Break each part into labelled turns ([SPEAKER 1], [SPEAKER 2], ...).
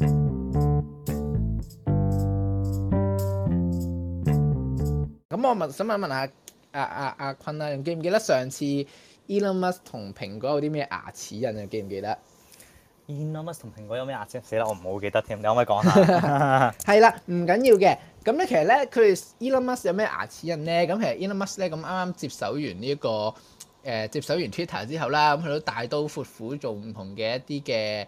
[SPEAKER 1] 咁、嗯、我問，問，想問一問阿阿阿阿坤啊，啊啊記唔記得上次 Elon Musk 同蘋果有啲咩牙齒印啊？記唔記得
[SPEAKER 2] Elon Musk 同蘋果有咩牙齒印？死啦，我唔好記得添。你可唔可以講下？
[SPEAKER 1] 係 啦， 唔緊要嘅。咁咧，其實咧，佢哋 Elon Musk 有咩牙齒印咧？咁其實 Elon Musk 咧，咁啱啱接手完呢、這、一個誒、呃，接手完 Twitter 之後啦，咁佢都大刀闊斧做唔同嘅一啲嘅。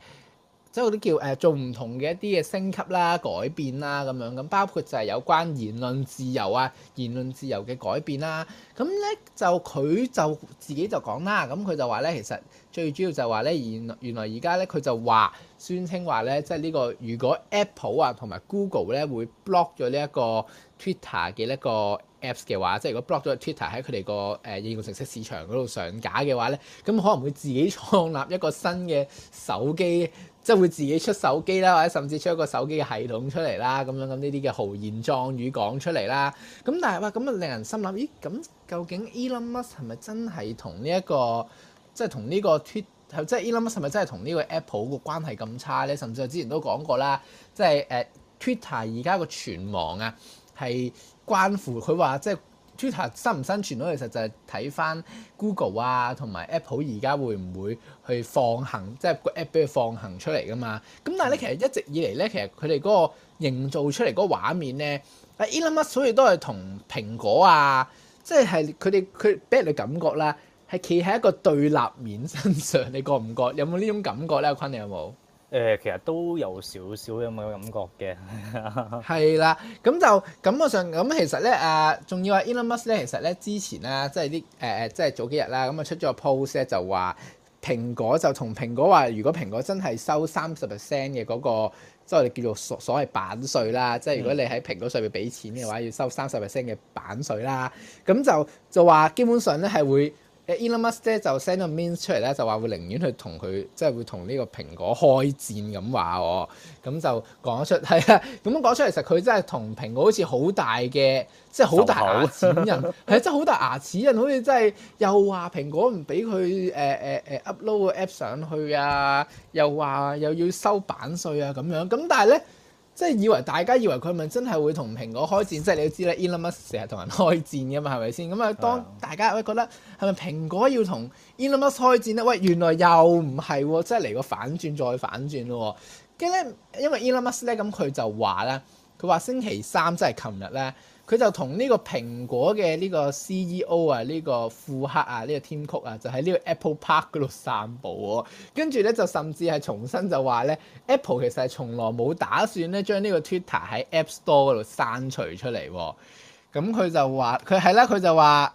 [SPEAKER 1] 即係嗰啲叫誒做唔同嘅一啲嘅升級啦、改變啦咁樣咁，包括就係有關言論自由啊、言論自由嘅改變啦。咁咧就佢就自己就講啦，咁佢就話咧，其實最主要就係話咧，原原來而家咧佢就話宣稱話咧，即係呢個如果 Apple 啊同埋 Google 咧會 block 咗呢一個 Twitter 嘅呢一個 Apps 嘅話，即係如果 block 咗 Twitter 喺佢哋個誒應用程式市場嗰度上架嘅話咧，咁可能會自己創立一個新嘅手機，即係會自己出手機啦，或者甚至出一個手機嘅系統出嚟啦。咁樣咁呢啲嘅豪言壯語講出嚟啦。咁但係哇，咁、呃、啊令人心諗，咦？咁究竟 Elon Musk 係咪真係同呢一個，即係同呢個,、即係、個 Twitter，即係 Elon Musk 係咪真係同呢個 Apple 個關係咁差咧？甚至我之前都講過啦，即係誒 Twitter 而家個存亡啊，係。關乎佢話即係 Twitter 生唔生存到，其實就係睇返 Google 啊同埋 Apple 而家會唔會去放行，即係 app 俾佢放行出嚟噶嘛？咁但係咧，其實一直以嚟咧，其實佢哋嗰個營造出嚟嗰個畫面咧，啊 Elon Musk 好似都係同蘋果啊，即係佢哋佢俾人嘅感覺咧，係企喺一個對立面身上，你覺唔覺？有冇呢種感覺咧？阿坤你有冇？
[SPEAKER 2] 誒其實都有少少咁嘅感覺嘅，係啦。咁就感覺上咁其實咧，
[SPEAKER 1] 誒仲要話 Elon Musk 咧，其實咧、啊 e、之前咧，即係啲誒誒，即係早幾日啦，咁、嗯、啊出咗個 post 咧，就話蘋果就同蘋果話，如果蘋果真係收三十 percent 嘅嗰個，即、就、係、是、我哋叫做所所謂版稅啦，即係如果你喺蘋果上面俾錢嘅話，要收三十 percent 嘅版稅啦，咁就就話基本上咧係會。誒 Elon Musk 咧、uh, 就 send 個 means 出嚟咧，就話會寧願去同佢，即、就、係、是、會同呢個蘋果開戰咁話哦。咁就講出係啦。咁講、啊、出嚟，其實佢真係同蘋果好似好大嘅，即係好大牙齒印。係愁口 啊，真係好大牙齒印。好似真係又話蘋果唔俾佢誒誒誒 upload 個 app 上去啊，又話又要收版稅啊咁樣。咁但係咧。即係以為大家以為佢咪真係會同蘋果開戰，嗯、即係你都知啦 Elon Musk 成日同人開戰㗎嘛，係咪先？咁啊，當大家覺得係咪蘋果要同 Elon Musk 開戰咧？喂，原來又唔係喎，即係嚟個反轉再反轉咯。跟住咧，因為 Elon Musk 咧，咁佢就話咧，佢話星期三即係琴日咧。佢就同呢個蘋果嘅呢個 CEO 啊，呢、這個庫克啊，呢、這個 Tim Cook 啊，就喺呢個 Apple Park 嗰度散步喎、哦。跟住咧就甚至係重新就話咧，Apple 其實係從來冇打算咧將呢將個 Twitter 喺 App Store 嗰度刪除出嚟、哦。咁、嗯、佢就話佢係啦，佢就話。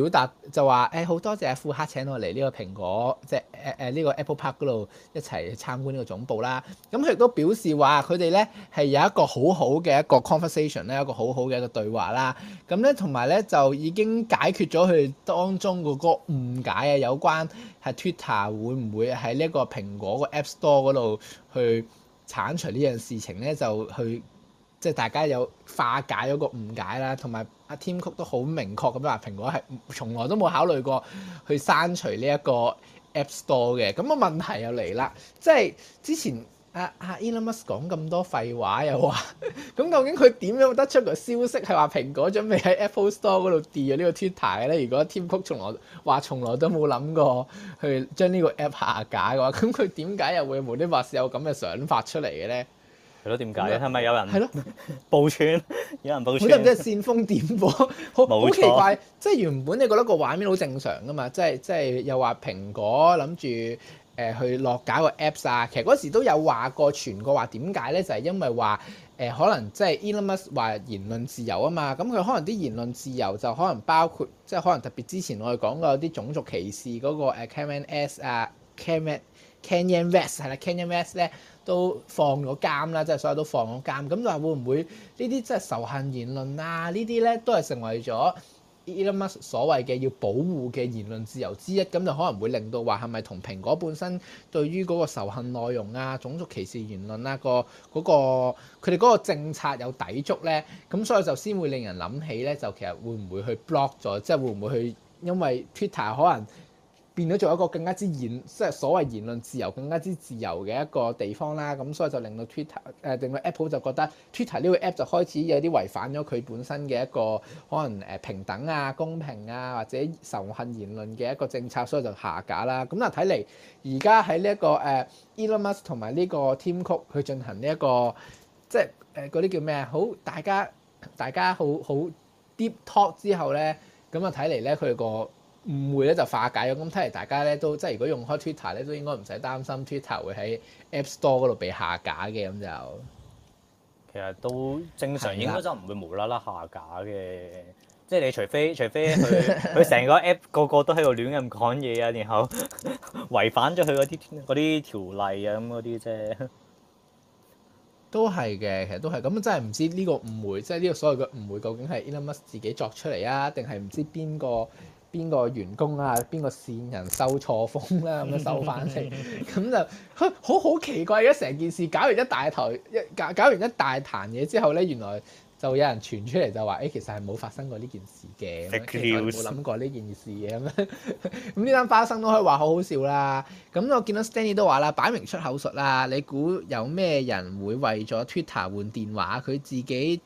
[SPEAKER 1] 表達就話，誒好多謝阿富克請我嚟呢個蘋果，即係誒呢個 Apple Park 嗰度一齊去參觀呢個總部啦。咁佢亦都表示話佢哋咧係有一個好好嘅一個 conversation 咧，一個好好嘅一個對話啦。咁咧同埋咧就已經解決咗佢當中個個誤解啊，有關係 Twitter 會唔會喺呢個蘋果個 App Store 嗰度去剷除呢樣事情咧，就去。即係大家有化解嗰個誤解啦，同埋阿添曲都好明確咁話，蘋果係從來都冇考慮過去刪除呢一個 App Store 嘅。咁、那個問題又嚟啦，即係之前阿阿 Elon Musk 講咁多廢話又話，咁 究竟佢點樣得出個消息係話蘋果準備喺 Apple Store 嗰度 delete 呢個 Twitter 嘅咧？如果添曲從來話從來都冇諗過去將呢個 App 下架嘅話，咁佢點解又會無端端有咁嘅想法出嚟嘅咧？
[SPEAKER 2] 係咯，點解咧？係咪、嗯、有人報穿？的 有人報穿？唔知唔知煽風點火，好 很錯奇怪。
[SPEAKER 1] 即係原本你覺得個畫面好正常噶嘛？即係即係又話蘋果諗住誒去落架個 Apps 啊。其實嗰時都有話過傳過話點解咧？就係、是、因為話誒、呃、可能即係、e、Elon Musk 話言論自由啊嘛。咁佢可能啲言論自由就可能包括即係、就是、可能特別之前我哋講過啲種族歧視嗰個 KMS n 啊 KMS。Kanye West 係啦 Kanye West 咧都放咗監啦，即係所有都放咗監。咁你話會唔會呢啲即係仇恨言論啊？呢啲咧都係成為咗 Elon Musk 所謂嘅要保護嘅言論自由之一。咁就可能會令到話係咪同蘋果本身對於嗰個仇恨內容啊、種族歧視言論啊、個嗰、嗰個佢哋嗰個政策有抵觸咧？咁所以就先會令人諗起咧，就其實會唔會去 block 咗？即、就、係、是、會唔會去因為 Twitter 可能？變咗做一個更加之言，即係所謂言論自由更加之自由嘅一個地方啦。咁、嗯、所以就令到 Twitter 誒、呃，令到 Apple 就覺得 Twitter 呢個 app 就開始有啲違反咗佢本身嘅一個可能誒平等啊、公平啊或者仇恨言論嘅一個政策，所以就下架啦。咁啊睇嚟而家喺呢一個誒、呃、Elon Musk 同埋呢個 Tim Cook 去進行呢、這、一個即係誒嗰啲叫咩好大家大家好好 deep talk 之後咧，咁啊睇嚟咧佢個。誤會咧就化解咗，咁睇嚟大家咧都即係如果用開 Twitter 咧，都應該唔使擔心 Twitter 會喺 App Store 嗰
[SPEAKER 2] 度被下架嘅。咁就其實都正常，應該就唔會無啦啦下架嘅。的即係你除非除非佢佢成個 App 個個個都喺度亂咁講嘢啊，然後違 反咗佢嗰啲啲條例啊咁嗰啲啫。都係嘅，
[SPEAKER 1] 其實都係咁，真係唔知呢個誤會，即係呢個所謂嘅誤會，究竟係、Elon Musk 自己作出嚟啊，定係唔知邊個？邊個員工啊？邊個線人收錯風啦、啊？咁樣收翻嚟，咁就好好奇怪啊！成件事搞完一大台，一搞搞完一大壇嘢之後咧，原來就有人傳出嚟就話，誒、欸，其實係冇發生過呢件事嘅，冇諗過呢件事嘅咁樣。咁呢單花生都可以話好好笑啦。咁我見到 Stanley 都話啦，擺明出口術啦。你估有咩人會為咗 Twitter 換電話？佢自己。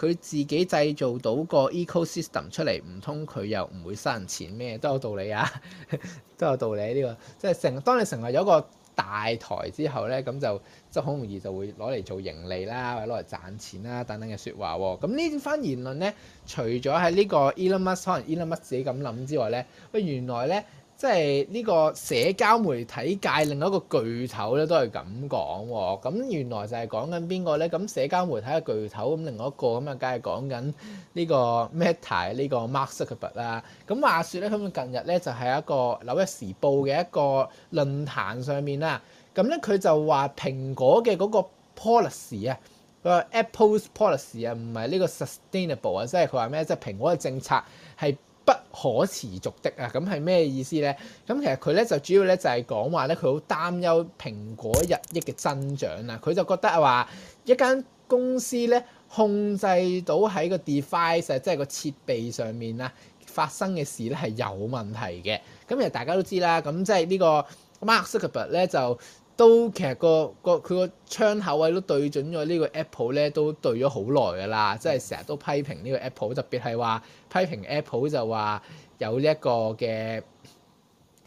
[SPEAKER 1] 佢自己製造到個 ecosystem 出嚟，唔通佢又唔會收人錢咩？都有道理啊， 都有道理呢、啊這個，即係成當你成為咗一個大台之後咧，咁就即係好容易就會攞嚟做盈利啦，或者攞嚟賺錢啦等等嘅説話喎。咁、嗯、呢番言論咧，除咗喺呢個 Elon Musk 可能 Elon Musk 自己咁諗之外咧，喂原來咧。即係呢個社交媒體界另外一個巨頭咧，都係咁講喎。咁原來就係講緊邊個咧？咁社交媒體嘅巨頭，咁另外一個咁啊，梗係講緊呢個 Meta 呢個 Mark Zuckerberg 啦。咁話說咧，咁近日咧就係、是、一個紐約時報嘅一個論壇上面啦。咁咧佢就話蘋果嘅嗰個 policy, policy 啊，個 Apple's policy 啊，唔係呢個 sustainable 啊，即係佢話咩？即係蘋果嘅政策係。不可持續的啊，咁係咩意思咧？咁其實佢咧就主要咧就係講話咧，佢好擔憂蘋果日益嘅增長啦。佢就覺得話一間公司咧控制到喺個 device，即係個設備上面啊發生嘅事咧係有問題嘅。咁其實大家都知啦，咁即係呢個 Mark Zuckerberg 咧就。都其實個個佢個窗口位都對準咗呢個 Apple 咧，都對咗好耐㗎喇，即係成日都批評呢個 Apple，特別係話批評 Apple 就話有呢一個嘅，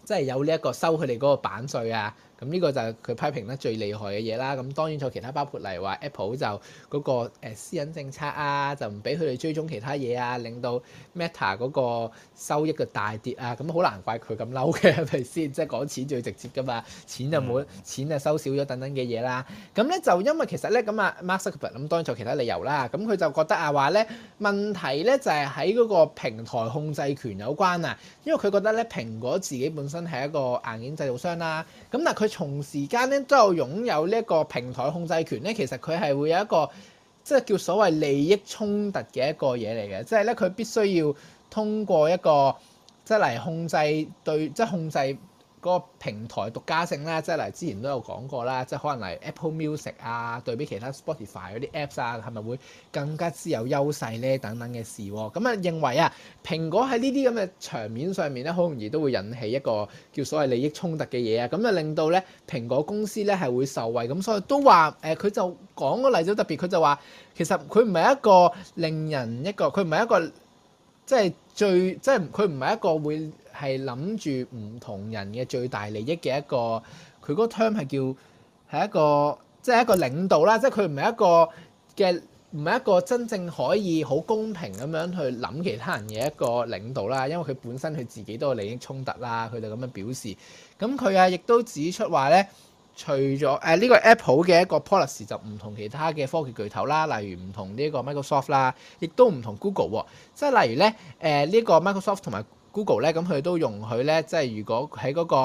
[SPEAKER 1] 即係有呢一個收佢哋嗰個版稅啊。咁呢個就係佢批評得最厲害嘅嘢啦。咁當然仲有其他包括，例如話 Apple 就嗰個私隱政策啊，就唔俾佢哋追蹤其他嘢啊，令到 Meta 嗰個收益嘅大跌啊。咁、嗯、好難怪佢咁嬲嘅係咪先？即係講錢最直接噶嘛，錢就冇，錢就收少咗等等嘅嘢啦。咁、嗯、咧就因為其實咧咁啊，Mark Zuckerberg 咁當然仲有其他理由啦。咁佢就覺得啊話咧問題咧就係喺嗰個平台控制權有關啊。因為佢覺得咧蘋果自己本身係一個硬件製造商啦。咁但佢。同時間咧都有擁有呢一個平台控制權咧，其實佢係會有一個即係叫所謂利益衝突嘅一個嘢嚟嘅，即係咧佢必須要通過一個即係嚟控制對，即係控制。個平台獨家性咧，即係嚟之前都有講過啦，即係可能嚟 Apple Music 啊，對比其他 Spotify 嗰啲 Apps 啊，係咪會更加之有優勢咧？等等嘅事喎，咁啊認為啊，蘋果喺呢啲咁嘅場面上面咧，好容易都會引起一個叫所謂利益衝突嘅嘢啊，咁啊令到咧蘋果公司咧係會受惠，咁、啊、所以都話誒，佢、呃、就講個例子好特別，佢就話其實佢唔係一個令人一個，佢唔係一個即係最即係佢唔係一個會。係諗住唔同人嘅最大利益嘅一個，佢嗰個 term 係叫係一個，即係一個領導啦，即係佢唔係一個嘅，唔係一個真正可以好公平咁樣去諗其他人嘅一個領導啦。因為佢本身佢自己都有利益衝突啦，佢就咁樣表示。咁佢啊，亦都指出話咧，除咗誒呢個 Apple 嘅一個 policy 就唔同其他嘅科技巨頭啦，例如唔同呢個 Microsoft 啦，亦都唔同 Google 啊，即係例如咧誒呢，呃，呢個 Microsoft 同埋。Google 咧，咁佢都容許咧，即係如果喺嗰個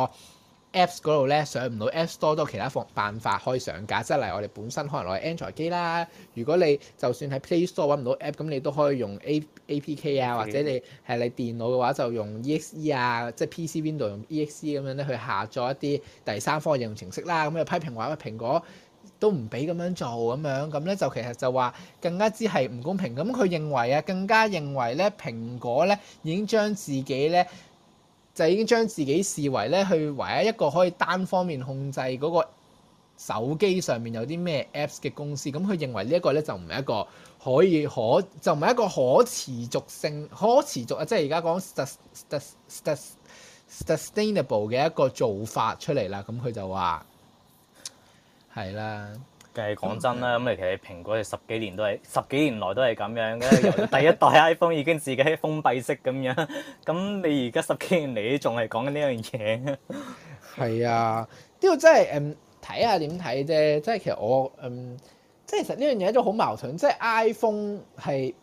[SPEAKER 1] Apps 嗰度咧上唔到 App Store 都有其他方辦法可以上架，即係例如我哋本身可能攞嚟 Android 機啦，如果你就算喺 Play Store 揾唔到 App，咁你都可以用 A A P K 啊，或者你係你電腦嘅話就用 E X E 啊，即係 P C Window 用、EX、E X E 咁樣咧去下載一啲第三方應用程式啦，咁又批評話喂，蘋果。都唔俾咁樣做咁樣，咁咧就其實就話更加之係唔公平。咁佢認為啊，更加認為咧，蘋果咧已經將自己咧就已經將自己視為咧去唯一一個可以單方面控制嗰個手機上面有啲咩 apps 嘅公司。咁佢認為呢一個咧就唔係一個可以可就唔係一個可持續性可持續啊，即係而家講 sustainable 嘅一個做法出嚟啦。咁佢就話。
[SPEAKER 2] 係啦，梗係講真啦，咁你其實蘋果係十幾年都係十幾年來都係咁樣嘅，第一代 iPhone 已經自己封閉式咁樣，咁你而家十幾年嚟都仲係講緊呢樣嘢？係啊， 呢
[SPEAKER 1] 個真係誒，睇下點睇啫。即係其實我誒，即、嗯、係其實呢樣嘢都好矛盾。即係 iPhone 係，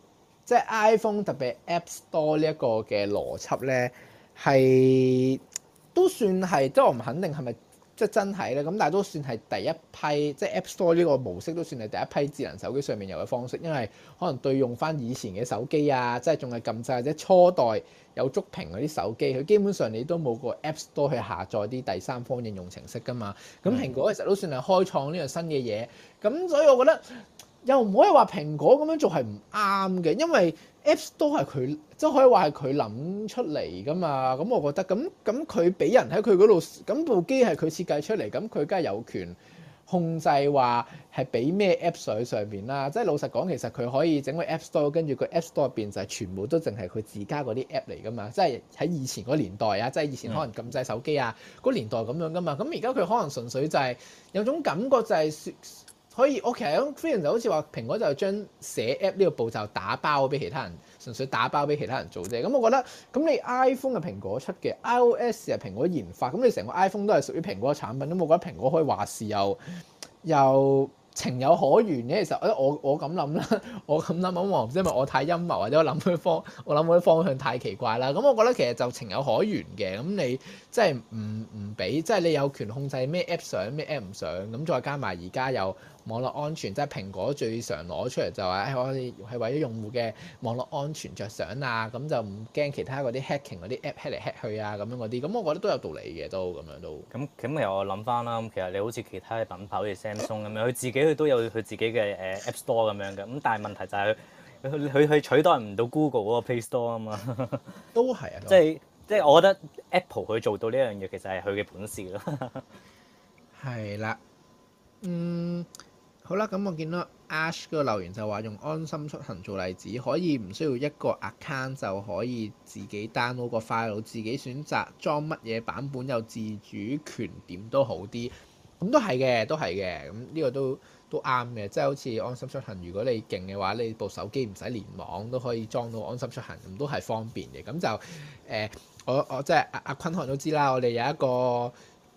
[SPEAKER 1] 即係 iPhone 特別 App Store 呢一個嘅邏輯咧，係都算係，即係我唔肯定係咪。即真係咧，咁但係都算係第一批，即係 App Store 呢個模式都算係第一批智能手機上面有嘅方式，因為可能對用翻以前嘅手機啊，即係仲係撳掣或者初代有觸屏嗰啲手機，佢基本上你都冇個 App Store 去下載啲第三方應用程式㗎嘛。咁蘋果其實都算係開創呢樣新嘅嘢，咁所以我覺得又唔可以話蘋果咁樣做係唔啱嘅，因為，Apps 都係佢，即係、就是、可以話係佢諗出嚟噶嘛。咁我覺得咁咁，佢俾人喺佢嗰度，咁部機係佢設計出嚟，咁佢梗係有權控制話係俾咩 app 上去上面啦。即係老實講，其實佢可以整個 App Store 跟住佢 App Store 入邊就係全部都淨係佢自家嗰啲 app 嚟噶嘛。即係喺以前嗰年代啊，即係以前可能禁制手機啊嗰、嗯、年代咁樣噶嘛。咁而家佢可能純粹就係、是、有種感覺就係、是。可以我其實咁，飛人就好似話，蘋果就將寫 app 呢個步驟打包俾其他人，純粹打包俾其他人做啫。咁我覺得，咁你 iPhone 係蘋果出嘅，iOS 係蘋果研發，咁你成個 iPhone 都係屬於蘋果產品，咁我覺得蘋果可以話事又又情有可原嘅。其實，誒我我咁諗啦，我咁諗咁話，唔知係咪我太陰謀，或者我諗啲方，我諗嗰啲方向太奇怪啦。咁我覺得其實就情有可原嘅。咁你即係唔唔俾，即係、就是、你有權控制咩 app 上，咩 app 唔上。咁再加埋而家又。網絡安全即係蘋果最常攞出嚟就係、哎、我哋係為咗用戶嘅網絡安全着想啊，咁就唔驚其他嗰啲 hacking 嗰啲 app hack 嚟 hack 去啊，咁樣嗰啲，咁我覺得
[SPEAKER 2] 都有道理嘅，都咁樣都。咁咁、嗯、我諗翻啦，其實你好似其他嘅品牌好似 Samsung 咁樣，佢自己佢都有佢自己嘅誒 App Store 咁樣嘅，咁但係問題就係佢佢佢取代唔到 Google 嗰個 Play Store 啊嘛。 都係啊，即係即係我覺得 Apple 佢做到呢樣嘢其實係佢嘅本事咯。係啦，嗯。
[SPEAKER 1] 好啦，咁我見到 Ash 嗰個留言就話用安心出行做例子，可以唔需要一個 account 就可以自己 download 個 file，自己選擇裝乜嘢版本，有自主權，點都好啲。咁都係嘅，都係嘅。咁呢個都都啱嘅，即係好似安心出行，如果你勁嘅話，你部手機唔使連網都可以裝到安心出行，咁都係方便嘅。咁就誒、呃，我我即係阿阿坤漢都知啦，我哋有一個。誒誒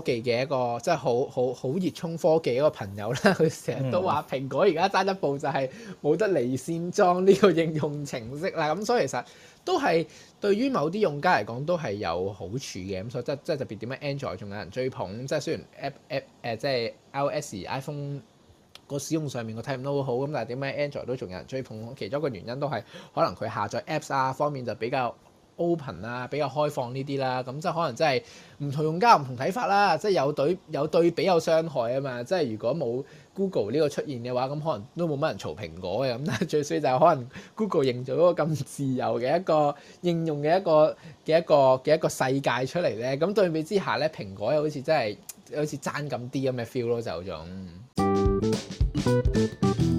[SPEAKER 1] 科技嘅一個即係好好好熱衷科技一個朋友咧，佢成日都話蘋果而家爭一步就係冇得離線裝呢個應用程式啦，咁所以其實都係對於某啲用家嚟講都係有好處嘅。咁所以即係即係特別點解 Android 仲有人追捧？即係雖然 App App 即、呃、係、就是、iOS 而 iPhone 個使用上面我睇唔到好，好咁但係點解 Android 都仲有人追捧？其中一個原因都係可能佢下載 Apps 啊方面就比較。Open 啊，比較開放呢啲啦，咁即係可能真係唔同用家唔同睇法啦，即係有對有對比有傷害啊嘛，即係如果冇 Google 呢個出現嘅話，咁可能都冇乜人嘈蘋果嘅咁，但係最衰就係可能 Google 營造一個咁自由嘅一個應用嘅一個嘅一個嘅一個世界出嚟咧，咁對比之下咧，蘋果又好似真係又好似爭咁啲咁嘅 feel 咯就有種。